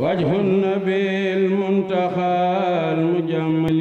وجه النبي المنتخى المجمل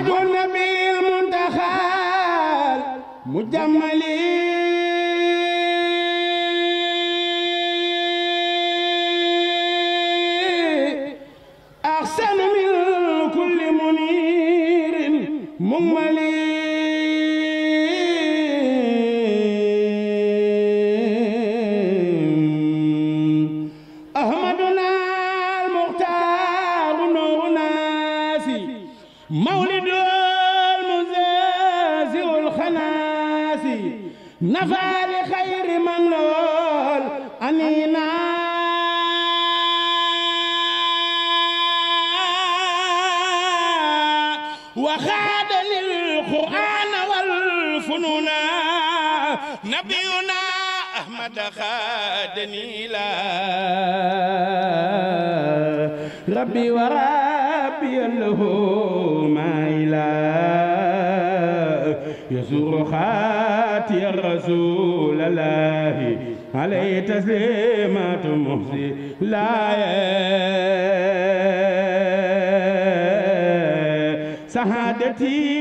وجه النبي المنتخى المجمل أحسن من كل منير مملي ربي وربي له ما إله يزور خاتي الرسول الله عليه تسليمات مهزي لا سعادتي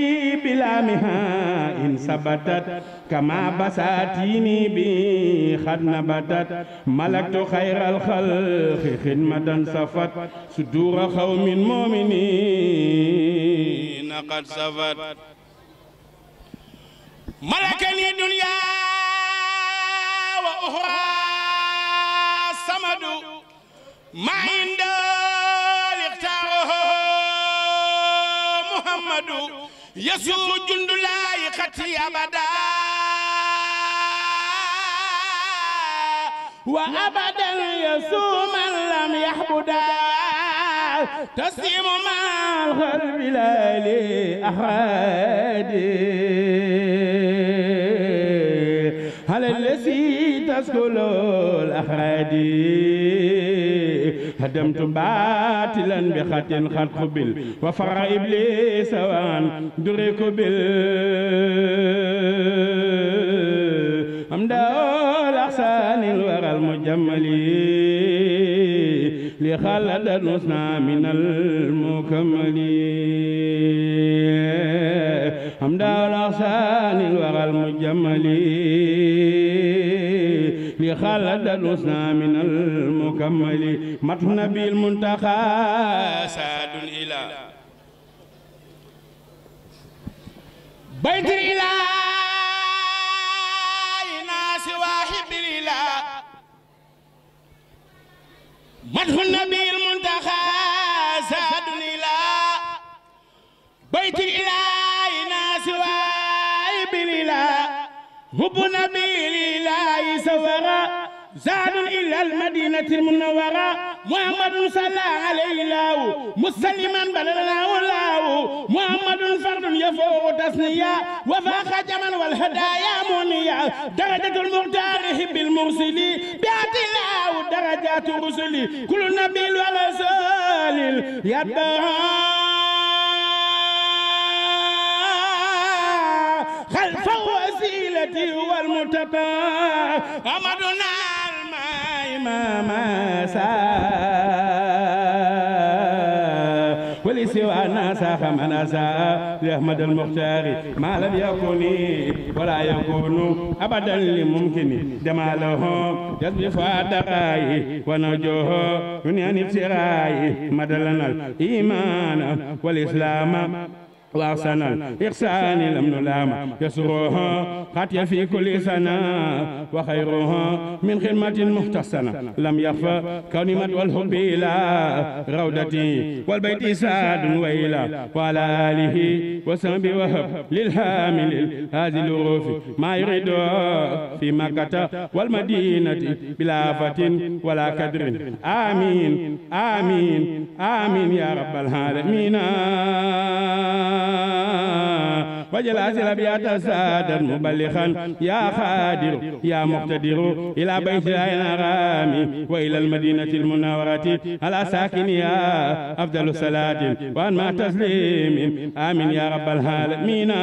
بلزامها إن ثبتت كما بساتيني بي قد نبتت ملكت خير الخلق خدمة صفت صدور قوم مؤمنين قد صفت ملكني دنيا وأخرى صمد ما عنده يسوع جند لا يختي أبدا وأبدا يسوع من لم يحبدا تسليم مع الخرب لا لأحد هل الذي تسكن الأحاديث هدمت باطلا بخط قد قبل وفر إبليس وان درك ام دول احسان الورى المجملي لخلد نسنا من المكمل دول احسان الورى المجملي لخالد الحسنى من المكمل مدح نبي المنتقى ساد إلى بيت الإله ناس واحد الإله مدح النبي المنتقى ساد إلى بيت الإله ناس واحد الإله حب نبي زاد إلى المدينة المنورة محمد صلى عليه الله مسلما بل الله الله محمد فرد يفوق تسنيا وفاق جمل والهدايا منيا درجة المختار حب المرسل بيعت الله درجات رسلي كل نبي ورسول يبقى خلف وسيلتي والمتقى أمدنا مما ساء ولسوى ناسا فمن ساء لأحمد المختار ما لم يكن ولا يكون أبدا لممكن دما له جذب فاتقاي ونجوه دنيا نفسراي مدلنا الإيمان والإسلام وحسنا إحسان لم نلام يسرها قد في كل سنة وخيرها من خدمة محتسنة لم يخفى كلمة والحب إلى روضتي والبيت سعد وإلى وعلى آله وسلم وهب للهامل هذه الروف ما يريد في مكة والمدينة بلا آفة ولا كدر آمين آمين آمين يا رب العالمين واجل أسل أبيات سادا مبلخا يا خادر يا مقتدر إلى بيت الأنغام وإلى المدينة المنورة على ساكنها أفضل الصلاة وأنمى تسليم آمين يا رب العالمين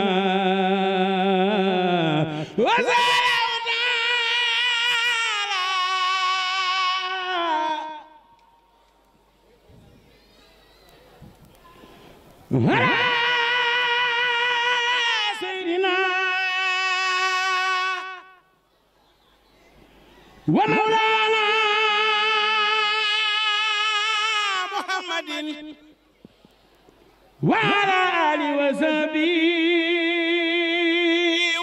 Hurrah! ومولانا محمد وعلى آله وصحبه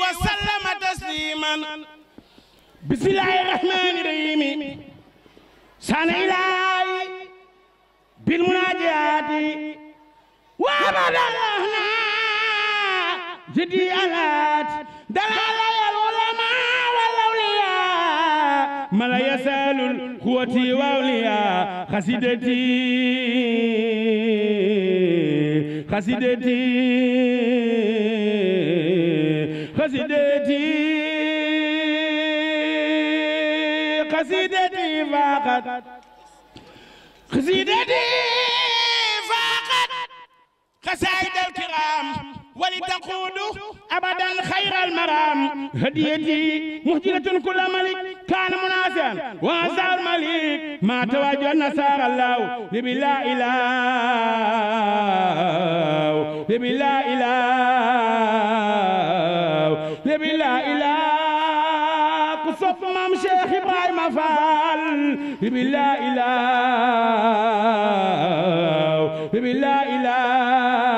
وسلم تسليما بسم الله الرحمن الرحيم سنة إلهي بالمناجات وبلغنا جدي الآت دلالة إخوتي وأولياء خسيدتي خسيدتي خسيدتي خسيدتي فقط خسيدتي فقط خسائد الكرام ولتقول أبدا خير المرام هديتي مهجرة كل ملك كان مناسبا وانصار مليك ما تواجه النصارى الله لبي لا إله لبي لا إله لبي لا إله قصف مام شيخ إبراهيم فال لبي لا إله لبي لا إله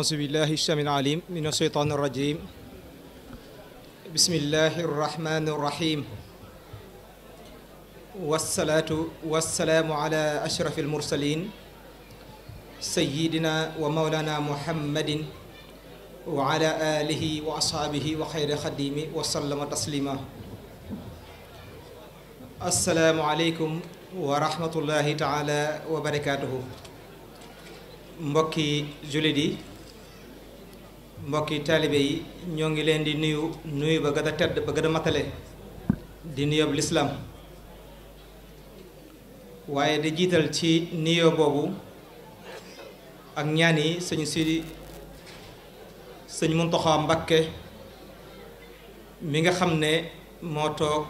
أعوذ بالله الشامل العليم من الشيطان الرجيم بسم الله الرحمن الرحيم والصلاة والسلام على أشرف المرسلين سيدنا ومولانا محمد وعلى آله وأصحابه وخير خديم وسلم تسليما السلام عليكم ورحمة الله تعالى وبركاته مبكي جلدي mbokki taalibe yi ñoo ngi leen di nuyu nuyu ba gën a tedd ba gën a matale di nuyoob lislaam waaye di jiital ci nuyoo boobu ak ñaan yi sëñ si sëñ Muntaxa Mbakke mi nga xam ne moo toog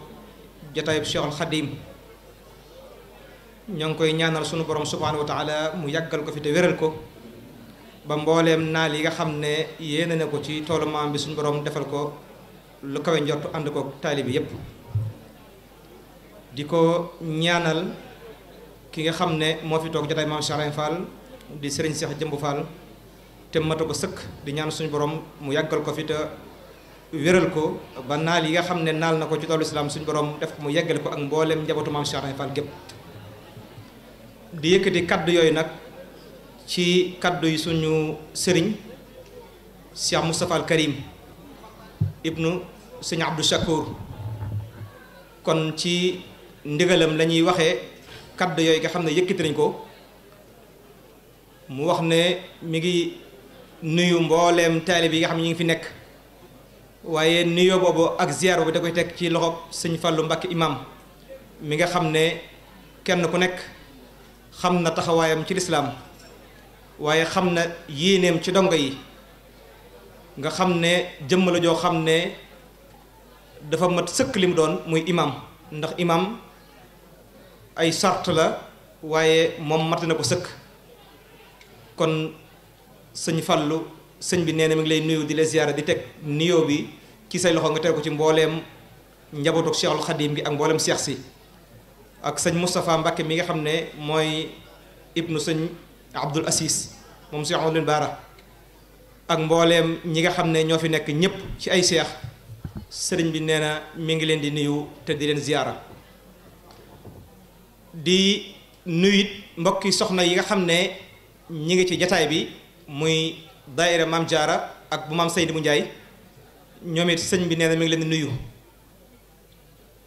jotaayu Cheikhul Xadim ñoo ngi koy ñaanal sunu borom subhaanahu wa mu yàggal ko fi te wéral ko ba mbooleem naal yi nga xam ne yéene na ko ci toolu maam bi suñu borom defal ko lu kawe njortu ànd ko taalibi yépp di ko ñaanal ki nga xam ne moo fi toog jotaay maam Cheikh Fall di sëriñ Cheikh Jëmbu Fall te matu ko sëkk di ñaan suñu borom mu yàggal ko fi te wéral ko ba naal yi nga xam ne naal na ko ci toolu islam suñu borom def ko mu yeggale ko ak mbooleem njabootu maam Cheikh Fall gépp di yëkkati kaddu yooyu nag ci kaddu yi suñu sëriñ Cheikh Moustapha al Karim ibnu sëñ Abdou Chakour kon ci ndigalam lañuy ñuy waxee kaddu yooyu nga xam ne yëkkati nañ ko mu wax ne mi ngi nuyu mbooleem taalib yi nga xam ne ñu ngi fi nekk waaye nuyoo booboo ak ziar bi da koy teg ci loxo sëñ fàllu Mbacké imam mi nga xam ne kenn ku nekk xam na taxawaayam ci lislaam waaye xam na yéeneem ci dongo yi nga xam ne jëmm la joo xam ne dafa mat sëkk lim doon muy imaam ndax imam ay sart la waaye moom mat na ko sëkk kon sëñ Fallu sëñ bi nee na mi ngi lay nuyu di la ziyaara di teg nuyoo bi ci say loxo nga teg ko ci mbooleem njabootu Cheikhul Xadim gi ak mboolem Cheikh si ak sëñ Moustapha mbakke mi nga xam ne mooy ibnu sëñ Abdul Asis moom Cheikh Amadou Baara ak mbooleem ñi nga xam ne ñoo fi nekk ñëpp ci ay seex sëriñ bi nee na mi ngi leen di nuyu te di leen ziyaara di nuyu it mbokki soxna yi nga xam ne ñi ngi ci jataay bi muy daayira maam jaara ak bu maam Seydi mu Njaay ñoom it sëñ bi nee na mi ngi leen di nuyu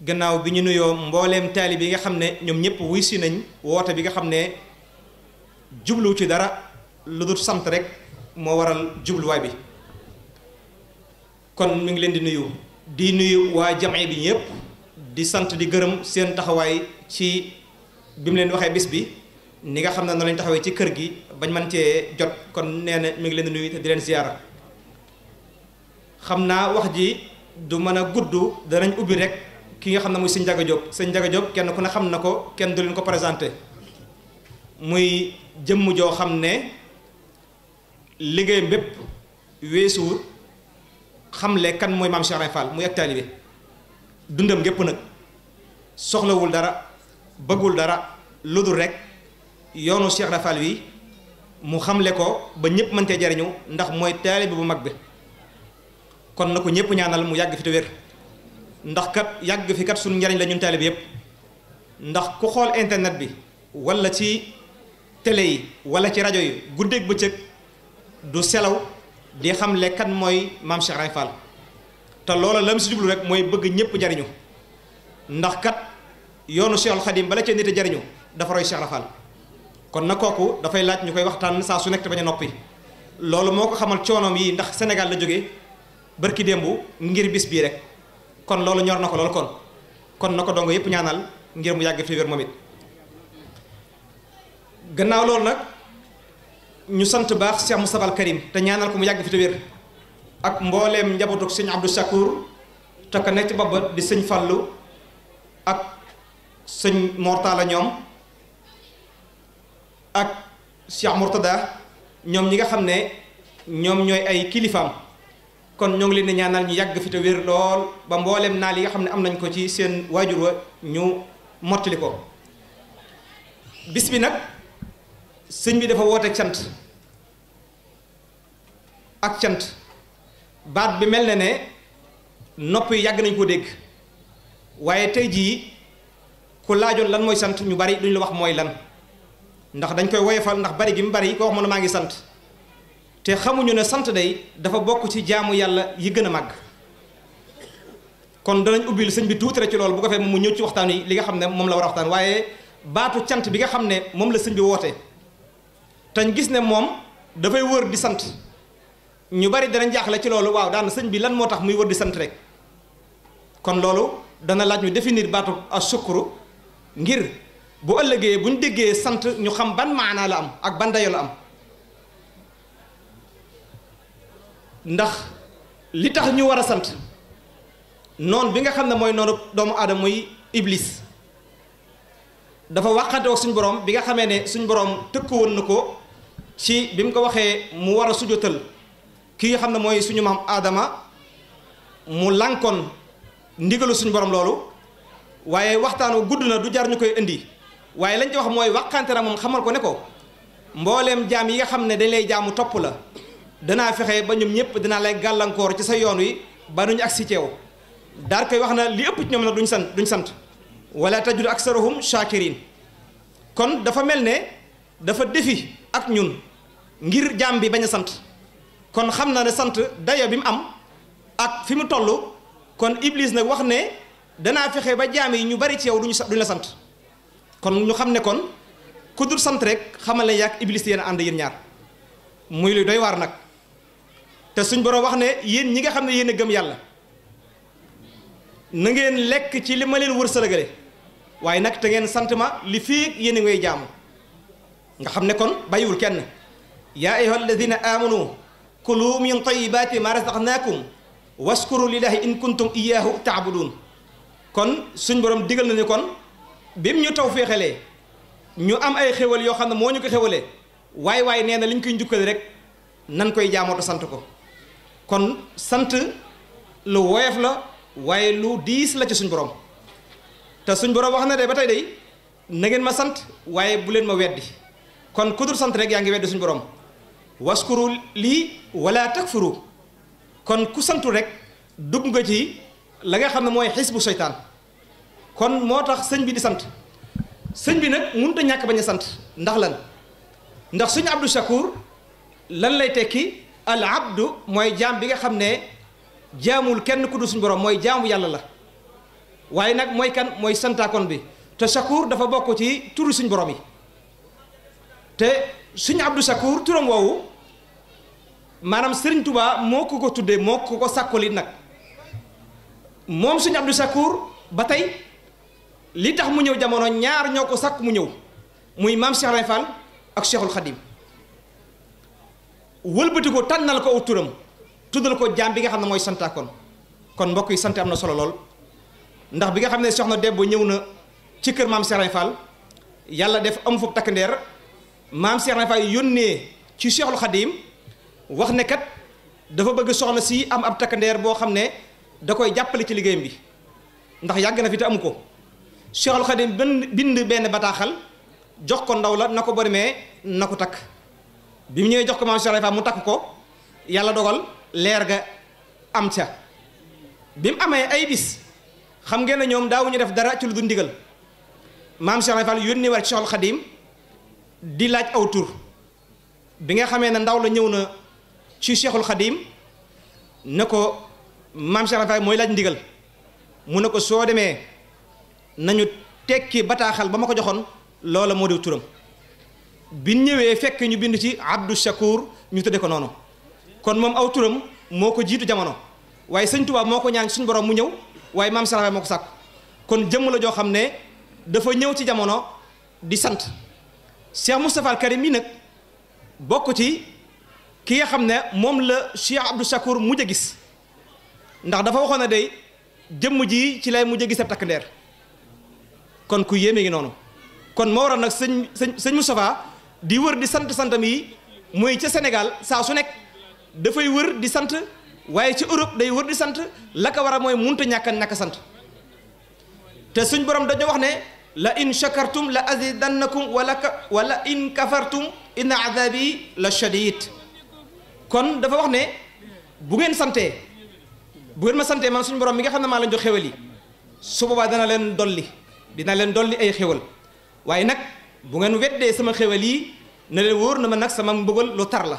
gannaaw bi ñu nuyoo mbooleem taali bi nga xam ne ñoom ñëpp wuy si nañ woote bi nga xam ne jubluwu ci dara lu dul sant rek moo waral jubluwaay bi kon mu ngi leen di nuyu di nuyu waa jamee bi ñëpp di sant di gërëm seen taxawaay ci bi mu leen waxee bis bi ni nga xam ne noonu lañ taxawee ci kër gi bañ man cee jot kon nee na mi ngi leen di nuyu te di leen ziyaara xam naa wax ji du mën a gudd danañ ubbi rek ki nga xam ne muy sëñ Njaga jóg sëñ Njaga Jóob kenn ku ne xam na ko kenn du leen ko présenté muy jëmm joo xam ne liggéey mbépp weesuwut xamle kan mooy maam Cheikh Ibra Fall muy dundam gépp nag soxlawul dara bëggul dara lu dul rek yoonu Cheikh wi mu xamle ko ba ñëpp mën cee jariñu ndax mooy taalibe bu mag bi kon na ko ñëpp ñaanal mu yàgg fi te wér ndax kat yàgg fi kat suñu njariñ la ñun taalibe yëpp ndax ku xool internet bi walla ci télé yi wala ci rajo yi guddeeg bëccëg du selaw di xamle kan mooy maam Cheikh Ibra Fall te loola lam si jublu rek mooy bëgg ñëpp jariñu ndax kat yoonu Cheikhul Khadim bala ca nit a jariñu dafa roy Cheikh Ibra kon na kooku dafay laaj ñu koy waxtaan saa su nekk te bañ a noppi loolu moo ko xamal coonoom yi ndax Sénégal la jóge bërki démb ngir bis bii rek kon loolu ñor na ko loolu kon kon na ko dong yëpp ñaanal ngir mu yàgg fi wér moom it gannaaw loolu nag ñu sant baax Cheikh Moustapha Al Karim te ñaanal ko mu yàgg fi te wér ak mbooleem njabootu sëñ Abdou Chakour te ka nekk ci bopp ba di sëñ Fallou ak sëñ Mortala ñoom ak Cheikh Mourtada ñoom ñi nga xam ne ñoom ñooy ay kilifaam kon ñoo ngi leen di ñaanal ñu yàgg fi te wér lool ba mbooleem naal li nga xam ne am nañ ko ci seen waajur wa ñu mottali ko bis bi nag sëñ bi dafa woote cant ak cant baat bi mel na ne nopp yi yàgg nañ ko dégg waaye tey jii ku laajoon lan mooy sant ñu bari duñ la wax mooy lan ndax dañ koy woyofal ndax bari gi mu bari ko wax mën a maa ngi sant te xamuñu ne sant day dafa bokk ci jaamu yàlla yi gën a màgg kon danañ ubbil sëñ bi tuuti rek ci loolu bu ko fee mu ñëw ci waxtaan yi li nga xam ne moom la war a waxtaan waaye baatu cant bi nga xam ne moom la sëñ bi woote tañ gis ne moom dafay wër di sant ñu bari danañ jaaxle ci loolu waaw daana sëñ bi lan moo tax muy wër di sant rek kon loolu dana laaj ñu définir baatu asukuru ngir bu ëllëgee bu déggee sant ñu xam ban maanaa la am ak ban dayo am ndax li tax ñu war a sant noon bi nga xam ne mooy noonu doomu aadama muy iblis dafa waxante suñ borom bi nga xamee ne suñ borom tëkku woon na ko ci bi mu ko waxee mu war a sujjotal ki nga xam ne mooy suñu maam aadama mu lànkoon ndigalu suñu borom loolu waaye waxtaan wu gudd na du jar ñu koy indi waaye lañ ci wax mooy waxante na moom xamal ko ne ko mbooleem jaam yi nga xam ne dañ lay jaamu topp la danaa fexe ba ñoom ñëpp danaa lay gàllankoor ci sa yoon wi ba nuñ agsi ceew daar koy wax na li ëpp ñoom nag duñ sant duñ sant wala tajud aksaruhum shakirin kon dafa mel ne dafa defi ak ñun ngir jaam bi bañ a sant kon xam na ne sant dayo bi mu am ak fi mu toll kon Iblis nag wax ne danaa fexe ba jaam yi ñu bari ci yow duñu duñu la sant kon ñu xam ne kon ku dul sant rek xamal ne yàgg Iblis yéen a ànd yéen ñaar muy lu doy waar nag te suñ borom wax ne yéen ñi nga xam ne yéen a gëm yàlla na ngeen lekk ci li ma leen wër wërsëlagale waaye nag te ngeen sant ma li fii yéen a ngay jaamu. nga xam ne kon bàyyiwul kenn yaa ayyuha alladina amanu kulu min tayibaati ma razaqnaakum waskuru lillahi in kuntum iyaahu ta'budun kon suñ borom digal nañu kon bim ñu taw féexalee ñu am ay xéwal yoo xam ne ko xéwalee waay waay nee liñ koy njukkale rek nan koy jaamoo te sant ko kon sant lu woyof la waaye lu diis la ci suñ borom te suñ borom wax na de ba day na ngeen ma sant waaye bu leen ma weddi kon ku dul sant rek yaangi wedd weddi suñu borom waskuru li wala takfuru kon ku santu rek dub nga ci la nga xamne moy hisbu shaytan kon motax señ bi di sant señ bi nak mënut a ñàkk sant ndax lan ndax suñu abdu shakur lan lay teki al abdu moy jam bi nga xamne jamul kenn ku dul suñu borom moy jamu yalla la waye nak moy kan santa kon bi te shakur dafa bokku ci turu suñu borom yi te suñ Abdou Sakour turam woowu maanaam sëriñ tubaa moo ko ko tuddee moo ko ko sàkkoli nag moom sëñ Abdou Sakour ba tey li tax mu ñëw jamono ñaar ñoo ko sàkk mu ñëw muy maam Cheikh Ibra Fall ak Cheikhul Khadim wëlbati ko tànnal ko aw turam tuddal ko jaam bi nga xam ne mooy santaakoon kon mbokk yi sant am na solo lool ndax bi nga xam ne soxna Debbo ñëw na ci kër maam Cheikh Ibra Fall yàlla def amu foofu takk ndeer maam Cheikh na Faye yónnee ci Cheikhul Khadim wax ne kat dafa bëgg soxna si am ab takkandeer boo xam ne da koy jàppale ci liggéeyam bi ndax yàgg na fi te amu ko Cheikhul Khadim bind benn bataaxal jox ko ndaw la na ko boo demee na ko takk bi mu ñëwee jox ko maam Cheikh mu takk ko yàlla dogal leer ga am sa bi mu amee ay bis xam ngeen ne ñoom daawuñu def dara ci lu du ndigal maam Cheikh na Faye yónnee ci Cheikhul Khadim di laaj aw tur bi nga xamee ne ndaw la ñëw na ci Cheikhul Khadim ne ko maam Cheikh Rafaay mooy laaj ndigal mu ne ko soo demee nañu tekki bataaxal ba ma ko joxoon loola moo di turam bi ñëwee fekk ñu bind ci Abdou Shakour ñu tëdde ko noonu kon moom aw turam moo ko jiitu jamono waaye sëñ Tuubaa moo ko ñaan suñ borom mu ñëw waaye maam Cheikh Rafaay moo ko sàkk kon jëmm la joo xam ne dafa ñëw ci jamono di sant Cheikh Moustapha Al Karim yi nag bokk ci ki nga xam ne moom la Cheikh Abdou Chakour mujj a gis ndax dafa waxoon ne day jëmm ji ci lay mujj a gis ab takk ndeer kon ku yéeme ngi noonu kon moo waral nag sëñ sëñ sëñ Moustapha di wër di sant santam yi mooy ca senegal saa su nekk dafay wër di sant waaye ci Europe day wër di sant la ko war a mooy munta ñàkk naka sant te suñ borom dañoo wax ne لئن شكرتم لأزيدنكم ولك ولئن كفرتم إن عذابي لشديد كون دا فا وخني بو نين سانتي بو نين ما سانتي مان سون بروم ميغا خاندي ما سو بابا دانا دولي دينا لين دولي اي خيوال وينك نك بو نين ويدي سما خيوالي نالي نما نك سما مبوغل لو تار لا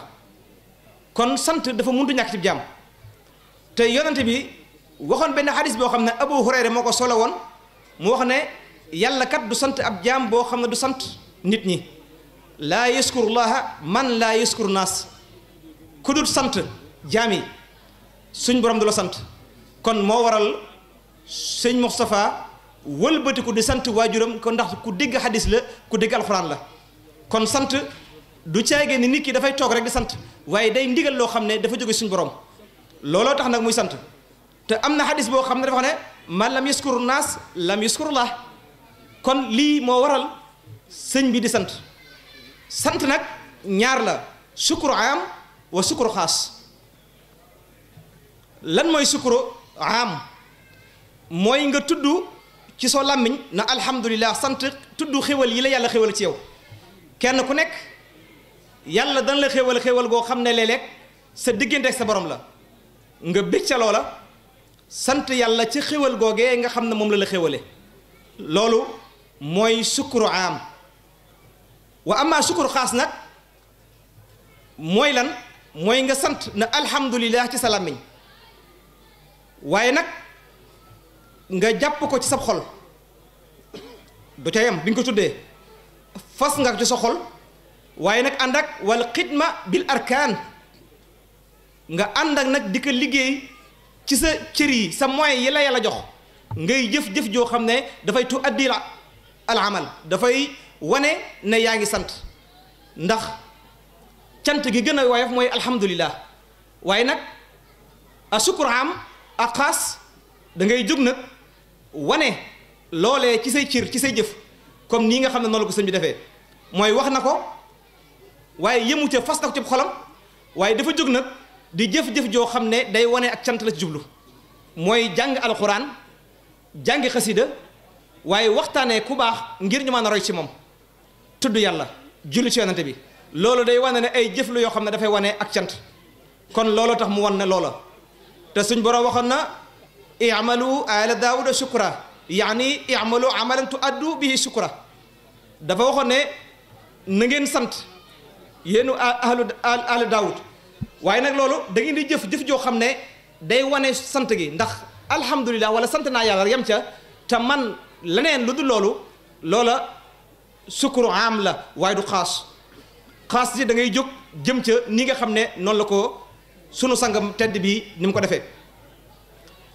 كون سانت دا فا موندو جام تي يونتي بي وخون بن حديث بو ابو هريره مكو سولو yàlla kat du sant ab jaam boo xam ne du sant nit ñi laa yaskurullaha man laa yaskuru naas ku dul sant jaam suñ borom du la sant kon moo waral sëñ Moustapha wëlbatiku di sant waajuram ko ndax ku dégg xadis la ku la kon sant du caagee ni nit dafay toog rek di sant waaye day ndigal loo xam ne dafa jóge suñ borom looloo tax nag muy sant te am na xadis boo xam ne dafa ne man lam yaskuru naas lam yaskurullah kon lii moo waral sëñ bi di sant sant nag ñaar la sukuru am wa sukuru xaas lan mooy sukuru am mooy nga tudd ci soo làmmiñ na alhamdulilah sant tudd xéwal yi la yàlla xéwal ci yow kenn ku nekk yàlla dana la xéwal xéwal goo xam ne léeg sa diggante sa borom la nga bëgg ca loola sant yàlla ci xéwal googee nga xam ne moom la la xéwale loolu mooy sukkuru am wa amma sukkuru xaas nag mooy lan mooy nga sant na alhamdulillah ci sa làmmiñ waaye nag nga jàpp ko ci sab xol du bi nga ko tuddee fas nga ci sa xol waaye nag ànd ak wal xidma bil arkaan nga ànd ak nag di ko liggéey ci sa cër yi sa moyens yi la jox ngay jëf-jëf joo xam ne dafay tu addila al amal dafay wane ne yaa ngi sant ndax cant gi gën a woyof mooy alhamdulillah waaye nag a sukur am ak xaas da ngay jóg nag wane loolee ci say cir ci say jëf comme nii nga xam ne noonu la ko sëñ bi defee mooy wax na ko waaye yëmute fas na ko ci xolam waaye dafa jóg nag di jëf-jëf joo xam ne day wane ak cant la ci jublu mooy jàng alxuraan jàngi xasida waaye waxtaanee ku baax ngir ñu mën roy ci moom tudd yàlla julli ci yonante bi loolu day wane ne ay jëf yoo xam ne dafay wane ak cant kon looloo tax mu wan ne loola te suñ borom waxoon na i'malu ala daawuda shukra yaani i'malu amalan tu addu dafa waxoon ne na ngeen sant yéenu ahlu ahlu daawud waaye nag loolu da ngeen di jëf jëf joo xam ne day wane sant gi ndax alhamdulilah wala sant naa yàlla yem ca te man leneen lu dul loolu loola sukuru am la waaye du xaas xaas ji dangay jóg jëm ca ni nga xam ne noonu la ko sunu sangam tedd bi ni mu ko defee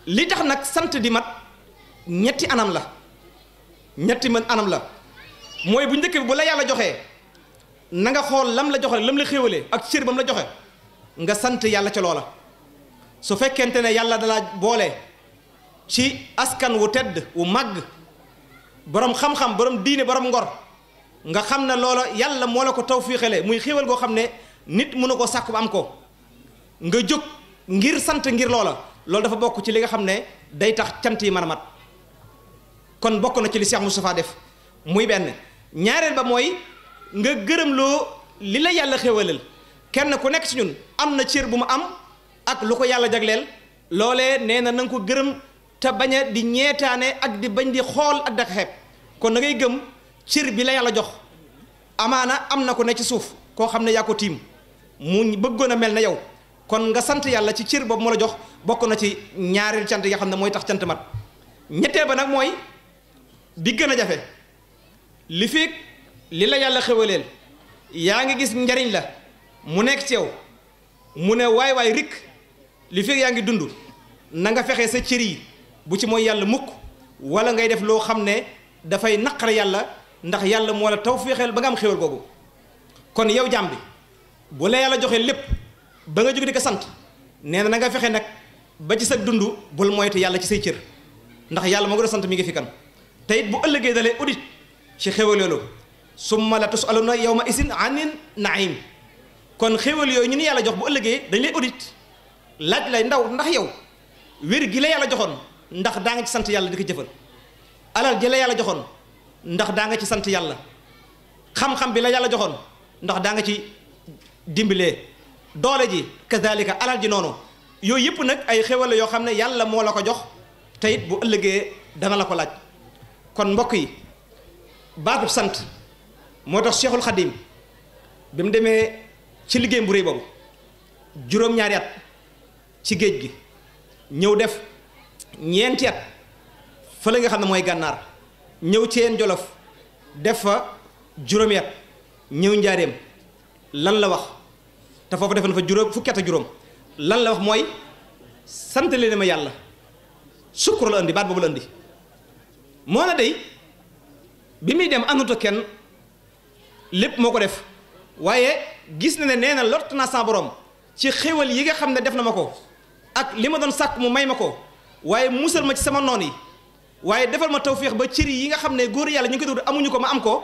li tax nag sant di mat ñetti anam la ñetti mën anam la mooy bu njëkk bi bu la yàlla joxee nanga xool lam la joxe lam la xéwalee ak cër bam la joxe nga sant yàlla ca loola su fekkente ne yàlla dalaa boole ci askan wu tedd wu màgg borom xam-xam borom diine borom ngor nga xam ne loola yàlla moo la ko taw tawfiixale muy xéewal goo xam ne nit mënu koo sàkku ba am ko nga jóg ngir sant ngir loola loolu dafa bokk ci li nga xam ne day tax cant yi mën a mat kon bokk na ci li Cheikh safaa def muy benn ñaareel ba mooy nga gërëm loo li la yàlla xéewalal kenn ku nekk ci ñun am na cër bu mu am ak lu ko yàlla jagleel loole nee na nanga ko gërëm te bañ a di ñeetaane ak di bañ di xool ak dak kon na ngay gëm cër bi la yàlla jox amaana am na ko ne ci suuf koo xam ne yaa ko tiim mu bëggoon a mel na yow kon nga sant yàlla ci cër boobu mu la jox bokk na ci ñaari cant yi xam ne mooy tax cant mat ñetteel ba nag mooy bi gën a jafe li fi li la yàlla xewaleel yaa ngi gis njariñ la mu nekk ci yow mu ne waay waay rikk li fi yaa ngi dund na nga fexe sa cër yi bu ci mooy yàlla mukk wala ngay def loo xam ne dafay naqar yàlla ndax yàlla moo la tawféexeel ba nga am xéwal boobu kon yow jaam bi bu la yàlla joxee lépp ba nga jóg di ko sant nee na na nga fexe nag ba ci sa dund bul moytu yàlla ci say cër ndax yàlla moo ko doon sant mi ngi fi kan te bu ëllëgee dalee audit ci xéwal loolu summa la tusaluna yawma isin anin naim kon xéwal yooyu ñu yàlla jox bu ëllëgee dañ lay audit laaj lay ndaw ndax yow wér gi la yàlla joxoon ndax daa ci sant yàlla di ko jëfal alal ji la yàlla joxoon ndax daa nga ci sant yàlla xam-xam bi la yàlla joxoon ndax daa nga ci dimbilee doole ji kazalika alal ji noonu yooyu yëpp nag ay xéwal yoo xam ne yàlla moo la ko jox te it bu ëllëgee dana la ko laaj kon mbokk yi baatu sant moo tax Cheikhul Khadim bi mu demee ci liggéey bu réy boobu juróom-ñaari at ci géej gi ñëw def ñeenti at fële nga xam ne mooy gànnaar ñëw ceen jolof def fa juróomi at ñëw njaareem lan la wax te foofu def na fa juróom fukki at juróom lan la wax mooy sant leen ma yàlla sukkur la andi baat boobu la andi moo na day bi muy dem ànduta kenn lépp moo ko def waaye gis na ne nee na lot naa sa ci xéwal yi nga xam ne def na ma ko ak li ma doon sàkk mu may ma ko waaye musal ma ci sama noon yi waaye defal ma tawféex ba ciri yi nga xam ne góor yàlla ñu ngi koy dugg amuñu ko ma am ko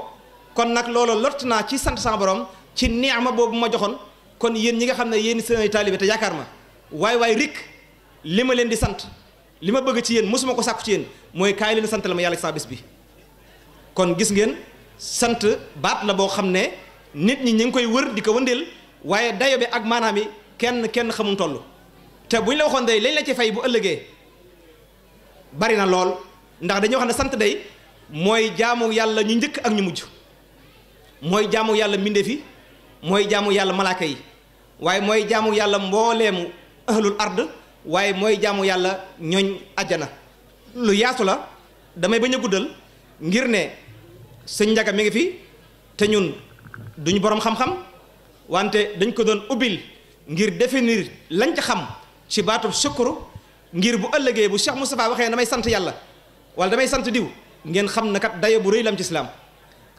kon nag loolu lott naa ci sant sama ci ci ma boobu ma joxoon kon yéen ñi nga xam ne yéen seen taalibe te yaakaar ma waaye waaye rik li ma leen di sant li ma bëgg ci yéen mosuma ko sàkku ci yéen mooy kaay leen sant ma yàlla saa bés bi kon gis ngeen sant baat la boo xam ne nit ñi ñu ngi koy wër di ko wëndeel waaye dayo bi ak maanaam yi kenn kenn xamum toll te buñ la waxoon day lañ la ci fay bu ëllëgee bari na lool ndax dañoo xam ne sant day mooy jaamu yàlla ñu njëkk ak ñu mujj mooy jaamu yàlla mbindeef yi mooy jaamu yàlla malaaka yi waaye mooy jaamu yàlla mbooleemu ahlul ard waaye mooy jaamu yàlla ñooñ ajjana lu yaatu la damay bañ a guddal ngir ne sëñ njaga mi ngi fi te ñun duñu boroom xam-xam wante dañ ko doon ubbil ngir définir lañ ca xam ci baatu sukkuru ngir bu ëllëgee bu mu Moustapha waxee damay sant yàlla wala damay sant diw ngeen xam na kat dayo bu rëy lam ci islaam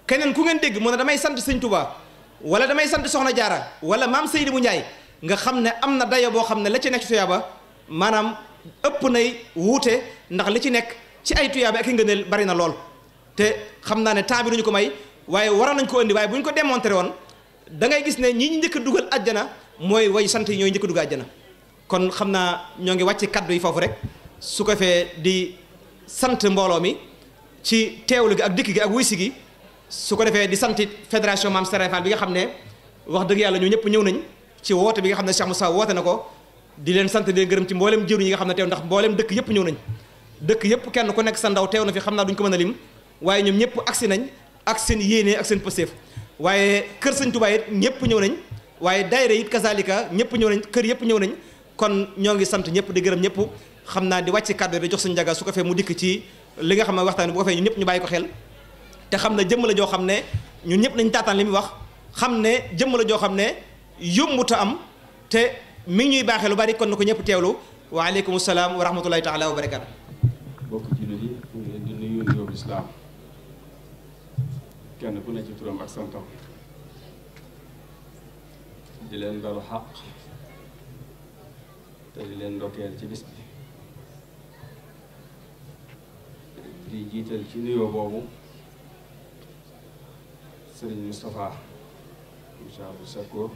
keneen ku ngeen dégg mu na damay sant sëñ Tuubaa wala damay sant soxna jaara wala maam Seydi bu Njaay nga xam ne am na dayo boo xam ne la ci nekk ci tuyaaba maanaam ëpp nay wuute ndax li ci nekk ci ay tuyaaba ak i ngëneel bari na lool te xam naa ne temps bi duñu ko may waaye waroon nañ ko indi waaye bu ñu ko démontré woon dangay ngay gis ne ñi ñu njëkk dugal ajjana mooy way sant yi ñooy njëkk dugal àjjana kon xam naa ñoo ngi wàcc kaddu yi foofu rek su di sant mbooloo mi ci teewlu gi ak dikk gi ak wuysi gi su ko defee di sant fédération Mame Séré Fall bi nga xam ne wax dëgg yàlla ñu ñëpp ñëw nañ ci woote bi nga xam ne Cheikh Moussa woote na ko di leen sant di leen gërëm ci mbooleem jëwriñ yi nga xam ne teew ndax mbooleem dëkk yëpp ñëw nañ dëkk yëpp kenn ku nekk sa ndaw teew na fi xam naa duñ ko mën a lim waaye ñoom ñëpp agsi nañ ak seen yéene ak seen pësteef waaye kër sëñ Tuubaa it ñëpp ñëw nañ waaye daayira it kazalika ñëpp ñëw nañ kër yëpp ñëw nañ kon ñoo ngi sant ñëpp di gërëm ñëpp xam naa di wàcc kàddu bi jox suñu njaga su ko fee mu dikk ci li nga xam ne waxtaan bu ko fee ñu ñëpp ñu bàyyi ko xel te xam ne jëmm la joo xam ne ñun ñëpp nañ taataan li muy wax xam ne jëmm la joo xam ne yombuta am te mi ngi ñuy baaxee lu bari kon na ko ñëpp teewlu waaleykum salaam wa rahmatullahi taala wa barakaatu ak santam di leen balu ci bis di jiital ci nuyoo boobu sëriñ Moustapha Moussa Abdou Sakkour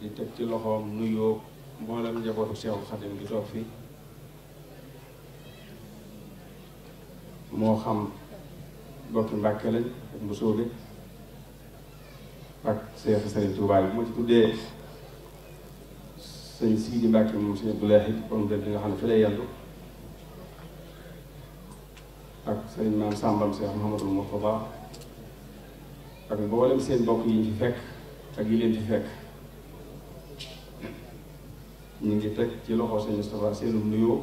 di teg ci loxoom nuyoo mboolem njabootu Seexul Xadim gi toog fi moo xam bokki Mbàkke lañ ak mbosóo bi ak Seex Sëriñ Tuubaa bi moo ci tuddee sëñ Sidi Mbàkke moom sëñ Abdoulahi kon de bi nga xam ne fi lay yendu sëriñ maam sàmbam Cheikh Mouhamadou Mourtada ak mboolem seen bokk yi ñu fi fekk ak yi leen fi fekk ñu ngi teg ci loxo sëñ Moustapha seenum nuyoo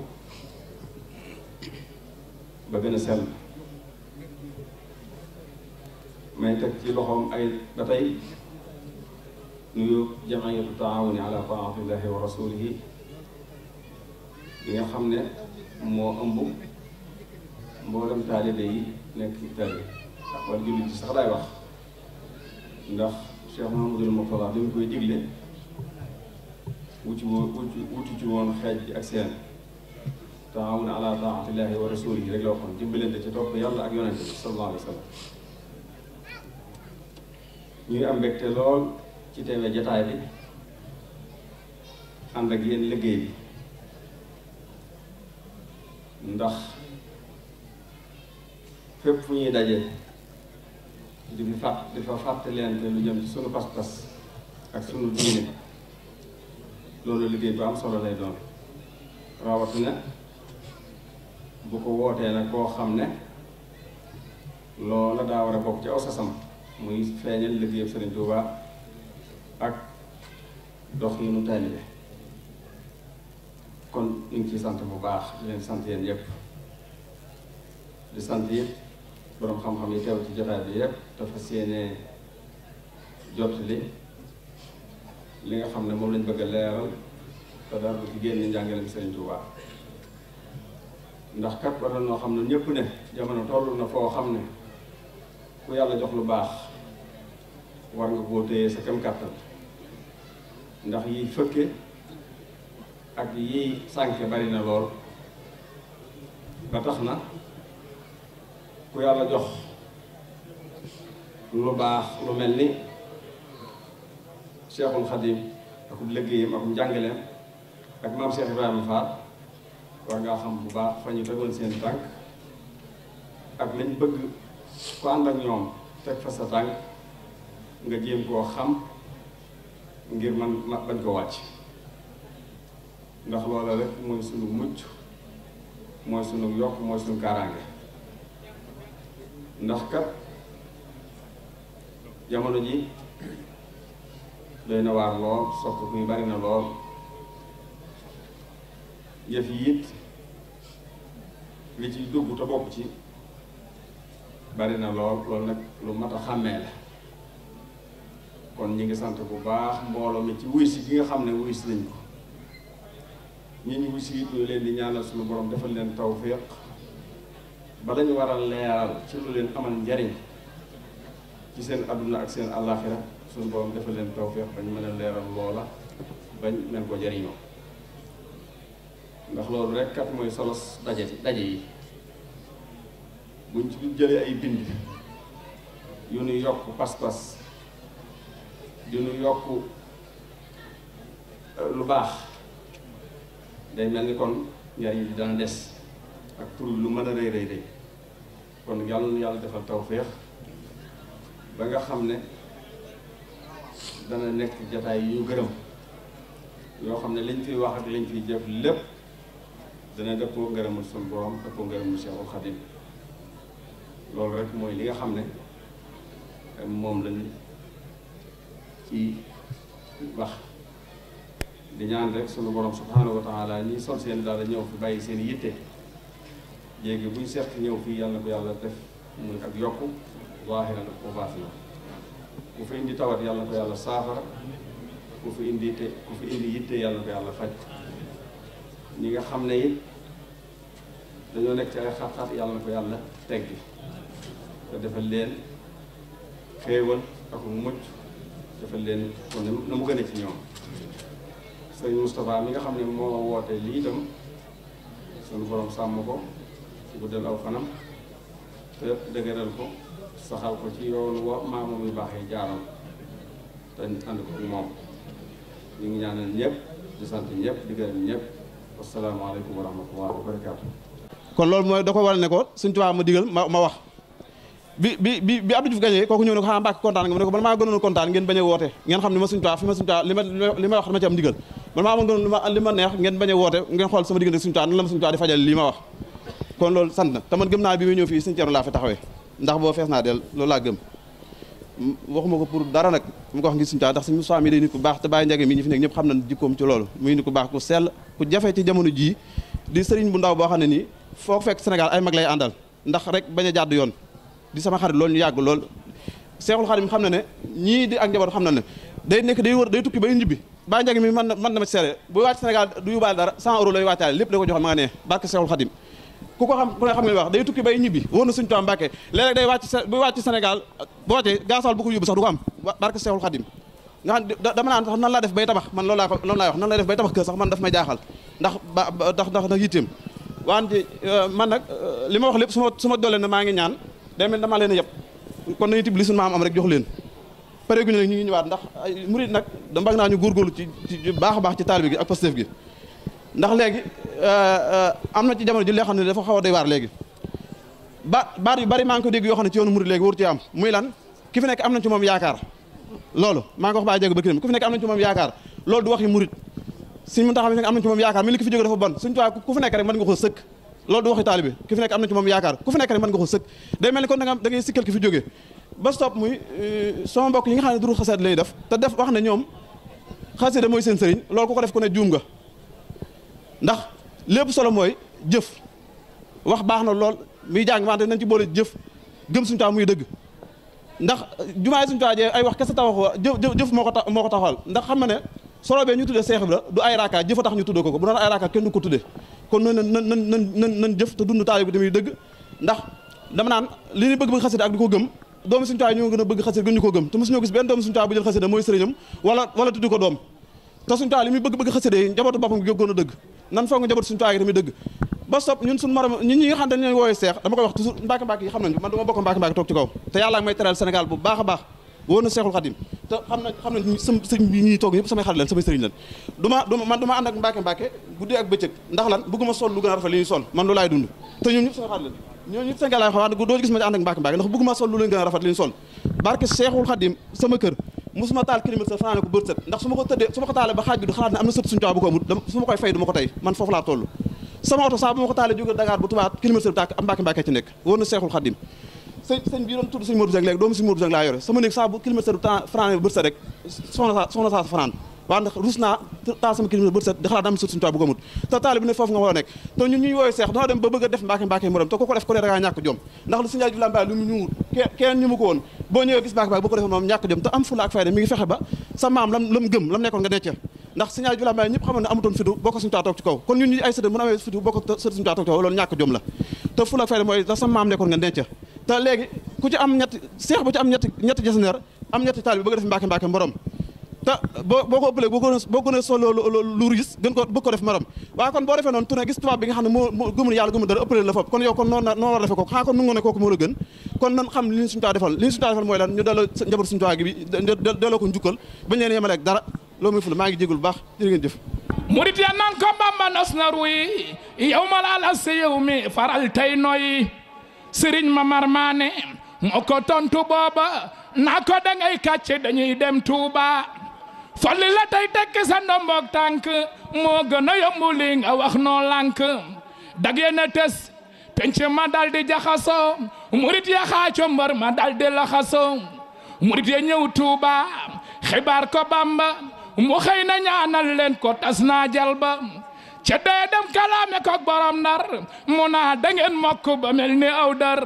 ba gën a sell may teg ci loxoom ay ba tey nuyoo jamaayatu taawuni ala taatillahi wa rasulihi bi nga xam ne moo ëmb مبارم تالي لي نك تالي أقول جل جل سخلاي بخ نخ شيخ محمد المفضل لم يكن يجيل وتشو وتشو وتشو وان خد أكسين تعاون على طاعة الله ورسوله رجل وقن جبل أنت تتوقع يلا أجيونا صلى الله عليه وسلم ñuy am bekte lol ci téwé jotaay bi and ak yeen liggéey bi ndax fépp fu ñuy daje di fàtt di fa fàttalante lu jëm ci sunu pas-pas ak sunu diine loolu liggéey bu am solo lay doon rawatina bu ko wootee nag koo xam ne loo loola daa war a bokk ci aw sasam muy feeñal liggéey Sëriñ baax ak dox yi nu taalibe kon ñu ngi ciy sant bu baax di leen sant yéen yëpp di sant yëpp boroom xam-xam yi teew ci jotaay bi yëpp dafa séenee jot li li nga xam ne moom lañ bëgg a leeral te daal ci génn njàngaleem Sëriñ Tuubaa ndax kat war noo xam ne ñëpp ne jamono toll na foo xam ne ku yàlla jox lu baax war nga koo téye sa kem kàttan ndax yi fëkke ak yiy sànke bari na lool ba tax na ku yàlla jox lu baax lu mel ni Cheikhul Khadim ak liggéeyam ak njàngaleem ak maam Cheikh Ibrahima Fall war ngaa xam bu baax fa ñu tegoon seen tànk ak lañ bëgg ku ànd ak ñoom teg fa sa tànk nga jéem koo xam ngir man bañ ko wàcc ndax loola rek mooy sunu mucc mooy sunu yokk mooy sunu kaaraange ndax kat jamono ji doy na waar lool sopp kuy bari na lool yëf yi li ci dugg te bokk ci bari na lool loolu nag lu mat a xàmmee la kon ñu ngi sant bu baax mbooloo mi ci wuy si gi nga xam ne wuy nañ ñi ñu wuy si it ñu leen di ñaanal suñu borom defal leen tawféex ba dañu war a leeral ci lu leen amal njariñ ci seen àdduna ak seen àllaaxira suñu borom defal leen tawfeex bañ mën a leeral loola bañ mën ko jariñoo ndax loolu rek kat mooy solos daje daje yi buñ ci jëlee ay bind yu nu yokk pas-pas di nu yokk euh, lu baax day mel ni kon njariñ li dana des ak tur lu mën a rëy rëy rëy kon yàlla na yàlla defal tawféex ba nga xam ne dana nekk jataay yu gërëm yoo xam ne lañ fiy wax ak lañ fiy jëf lépp dana dëppoo ngërëmul suñu borom dëppoo ngërëmul Seexul Xadim loolu rek mooy li nga xam ne moom lañu ci wax di ñaan rek sunu borom subhanahu wa ñi sol seen daal ñëw fi bàyyi seen yitte léegi buñ seq ñëw fii yàlla na ko yàlla def muy ak yokku waaxira na ko baaxi na ku fi indi tawat yàlla na ko yàlla saafara ku fi indi te ku fi indi yitte yàlla na ko yàlla faj ñi nga xam ne it dañoo nekk ci ay xat-xat yàlla na ko yàlla teggi te defal leen xéewal ak mucc defal leen kon na mu gën a ci ñoom sëñ Moustapha mi nga xam ne moo woote lii itam suñu borom sàmm ko bu guddal aw fanam te dëgëral ko saxal ko ci yoonu wa maamam yu baax yi jaaral te ànd ko moom ñu ngi ñaanal ne ko suñ ma ma ma wax bi bi bi bi Abdou Diouf gañee kooku ñëw ne ko xanaa ah, Mbàkke kontaan nga mu ne ko man maa gënoon kontaan ngeen bañ a woote ngeen xam ne ma suñ tubaab fi li xool sama diggante suñ tubaab nan la ma suñ tubaab di fajal lii ma wax kon loolu sant na taman man gëm naa bi ñëw fii sëñ Thierno laa fi taxawee ndax boo fees naa del loolu laa gëm waxuma ko pour dara nag mu ko wax ngir sëñ Thierno ndax sëñ Moussa mi day baax te bàyyi njage mi ñu fi nekk ñëpp xam nañ jikkoom ci loolu muy nit jii di sëriñ bu ndaw boo xam ne nii foo fekk Sénégal ay mag lay àndal ndax rek bañ a jàdd yoon di sama xarit loolu ñu yàgg lool Seexul Xadim xam na ne ñii di ak xam na ne day nekk day wër day tukki ba ñibbi bàyyi njage mi man man na ma seere bu wàcc Sénégal du yóbbaale dara 100 euros lay wàccaale lépp da ko joxal ma nga nee barke Seexul Xadim ku ko xam ku ne xam ne wax day tukki bay ñibbi wóor na suñu tubaab Mbàkke léeg-léeg day wàcc bu wàcc Sénégal bu wàccee gasoil bu ko yóbbu sax du ko am barke Seexul Xadim nan laa def bay tabax man loolu laa ko loolu laay wax nan laa def bay tabax kër ndax ba ndax ndax ndax yitteem wante euh, man nag euh, li ma wax lépp su ma su ma doolee ne maa ngi ñaan day mel damaa leen a yëpp kon nañu tib li suñu ma am rek jox leen pare gu ñu nag ñu ngi ñëwaat ndax murid nag dama bëgg naa ñu góorgóorlu ci ci baax baax ci taalibe gi ak pastef gi ndax legui euh amna ci jamono ji loo xamne dafa xawa doy war legui ba baat yu bari maa ngi ko dégg yoo xam ci yoonu murid legui wóor am muy lan kifi nek amna ci mom yaakar lolu ma ngi wax ba jegg ba kiram ku nek amna ci mom yaakar lolu du waxi murid suñ mën taxam fi nekk am ci mom yaakar mi li kifi jóge dafa bon seigne tuwaa kufi nek rek man nga ko seuk lolu du waxi taalibe ki fi nekk am ci mom yaakar kufi nek rek man nga ko seuk day melni kon da nga da ngay sikkel kifi jóge ba stop muy sama mbokk yi nga xamne ne duru xassat lay def te def wax ne ñoom xasida moy seen serigne lolu ku ko def ko ne juum nga ndax lépp solo mooy jëf wax baax na lool muy jàng wante nañ ci boole jëf gëm suñu tubaab muy dëgg ndax jumaay suñu tubaab ay wax kese tawaxu jëf jëf moo ko tax moo ko taxawal xam na ne solo bee ñu tuddee Seex Ibra du ay raaka a tax ñu tuddee ko ko bu doon du ko tuddee kon nan nan nan jëf te dund taalibe bi dëgg ndax dama naan li ñu bëgg bëgg xasida ak di ko gëm doomu suñu tubaab gën a bëgg xasida gën ñu ko gëm te mosuñoo gis benn doomu suñu tubaab bu jël xasida mooy sëriñam wala tuddi ko doom te suñu li muy bëgg bëgg xasida yi njabootu boppam nan foog nga njaboot suñu tuwaay gi tamit dëgg ba sop ñun suñu morom ñun ñi nga xam ne ñooy wooyee seex dama koy wax toujours mbàkk te yàlla may teral Sénégal na xam na xam nañ sam sëñ bi ñuy toog ñëpp samay xarit lan samay ak ndax lan bëgguma sol lu gën a rafet laay dund te ñoom ñëpp ak mbàkke mbàkke ndax leen gën a rafet li ñuy sol barke Seexul Xadim sama kër musuma taal kilomètre sa fanaane ko bët set ndax su ko tëddee su ko taalee ba xaaj bi xalaat ne am na sët suñu tubaab bu ko amul su ma taalee jóge nekk foofu nga war a nekk te ñun ñuy wooyu seex doo dem ba bëgg a def Mbàkke Mbàkke morom te ku def ku ne ñàkk jom ndax lu sëñ Abdou Lambaye lu ñuul keneen ñu mu ko woon boo ñëwee gis baak baak boo ko defee moom ñàkk jëm te am fula ak fayda mi ngi fexe ba sa maam lam lam gëm lam nekkoon nga necca ndax signal bi la may ñëpp xamoon ne amutoon fitu bokk suñu taa toog ci kaw kon ñun ñu ay sëriñ bu amee fitu bokk sëriñ suñu taa toog ci kaw loolu ñàkk jom la te fula ak fayda mooy la sa maam nekkoon nga necca te léegi ku ci am ñetti seex bu ci am ñetti ñetti jasneer am ñetti taal bi bëgg def mbaake mbaake mborom te boo boo ko ëppalee boo ko boo gën a solo lu gis gën ko bëgg ko def maram waaye kon boo defee noonu tourné gis tubaab bi nga xam ne moo gëmul yàlla gëmul dara ëppalee la fop kon yow kon noonu noo war a defee kooku xanaa kon nu nga ne kooku moo la gën kon nan xam li ñu suñu taa defal li ñu suñu taa defal mooy lan ñu delloo njaboot suñu gi bi delloo ko njukkal bañ leen yemale dara loolu muy ful maa ngi jégul bu baax jërë ngeen jëf murit ya naan ko Bamba nos na ruy yow ma laala si faral tey noy Sëriñ Mamar Maane moo ko tontu booba naa ko da kàcce dañuy dem Tuuba folli la tey tekki sa ndomboog tànk moo gën a yomb nga wax noo lànk dag yéen a tës penc ma dal di murit ya xaaco mbar ma daldi laxaso murit ya ñëw Tuuba xibaar ko Bamba mu xëy na ñaanal leen ko tas naa jalba ca dee dem kalaame ko borom Ndar mu naa da ngeen ba mel ni aw dar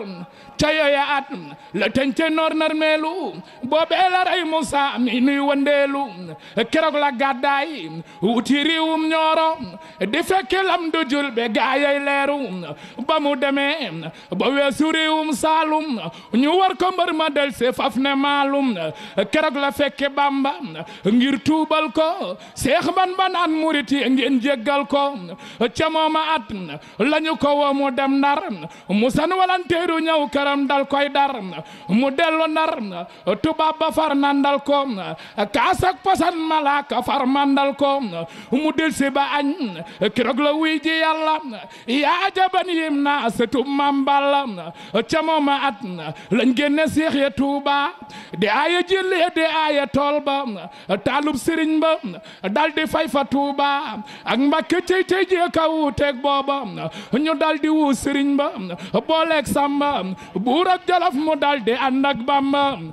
ya at la tence melu bo be la ray musa mi nuy wandelu kero la gaday wuti riiwum nyoro de fekke lam do jul be gaayay leru ba mu bo we weesu riiwum salum ñu war ko mbar ma del se fafne malum kero la fekke Bamba ngir tubal ko cheikh ban ban an muriti ngeen jegal ko ci moma at lañu ko wo mu dem nar musan walanteru ñaw kara yaram dal koy dar mu dellu ndar tubaab ba far nandal ko kaasak posan malaaka far mandal ko mu delsi ba añ kirog la wuy ji yàlla yaa jaban yim na sëtu mam balla ca at lañ génne seex ya tuuba di aaya jillee di aaya tool ba taalub sëriñ ba dal fay fa tuuba ak mbakke cey cey jee ka wuuteeg booba ñu dal wuu sëriñ ba booleeg samba buur ak jolof mu daldi ànd ak Bamba